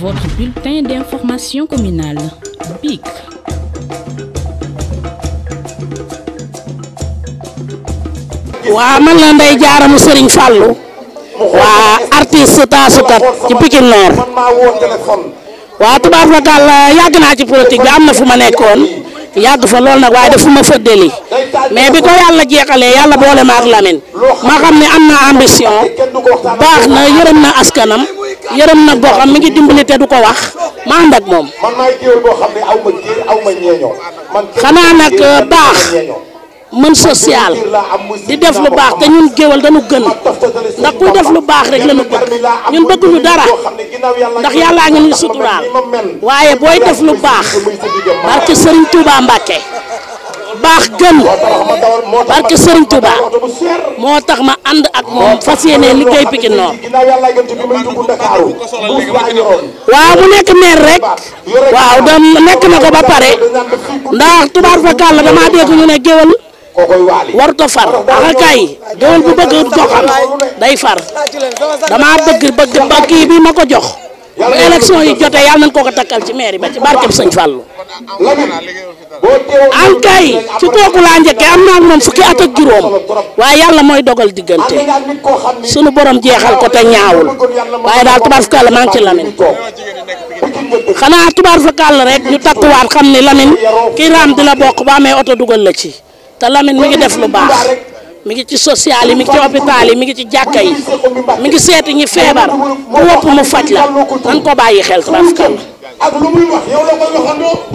Votre bulletin d'information communale, BIC. waa man la Ndeye Diarra mu Serigne Fallou waa artiste taasukat ci Pikine Nord waa tubaab fa gàll yàgg naa ci politique bi am na fu ma nekkoon yàgg fa lool nag waaye daf fu ma fëddali mais bi ko yàlla jeexalee yàlla boole ma ak Lamine ma xam ne am na ambition baax na yërëm na askanam. yërëm na goxam mi ngi dimbali te du ko wax ma ànd ak moom. man maay géwél boo xam ne aw ma géer aw ma ñeeñoo. man xanaa nag baax mën social di def lu baax te ñun géwél dañu gën ndax kuy def lu baax rek la ñu bëgg ñun bëgguñu dara ndax yàllaa ngi ñu suturaal waaye booy def lu baax barke Serigne Touba Mbacke. bax gem barke Serigne Touba motax ma and ak mom fasiyene yéene liggéey Pikine Nord waaw mu nek mer rek waaw dam nek nako ba pare ndax touba fa kala dama degu ñu ne geewal war waruta far ak kay geewal bu bëgg jox goxam day far dama bëgg bëgg bakki bi mako jox bu élection yi jotee yàlla nañ koo ko takkal ci mairie ba ci barkeb sëñ Fallou ankay ci toogu laa njëkkee am naa moom fukki at ak juróom waaye yàlla mooy dogal diggante sunu borom jeexal ko te ñaawul waaye daal tubaar fakàll maa ngi ci lamin xanaa tubaar fakàll rek ñu takkuwaat xam ni lamin kii raam di la bokk ba amee oto dugal la ci te lamin mi ngi def lu baax mi ngi ci social yi mi ngi ci hôpital yi mi ngi ci jàkka yi mi ngi seeti ñi feebar ku wopp mu faj la nan ko bàyyi xel Tubaarkalla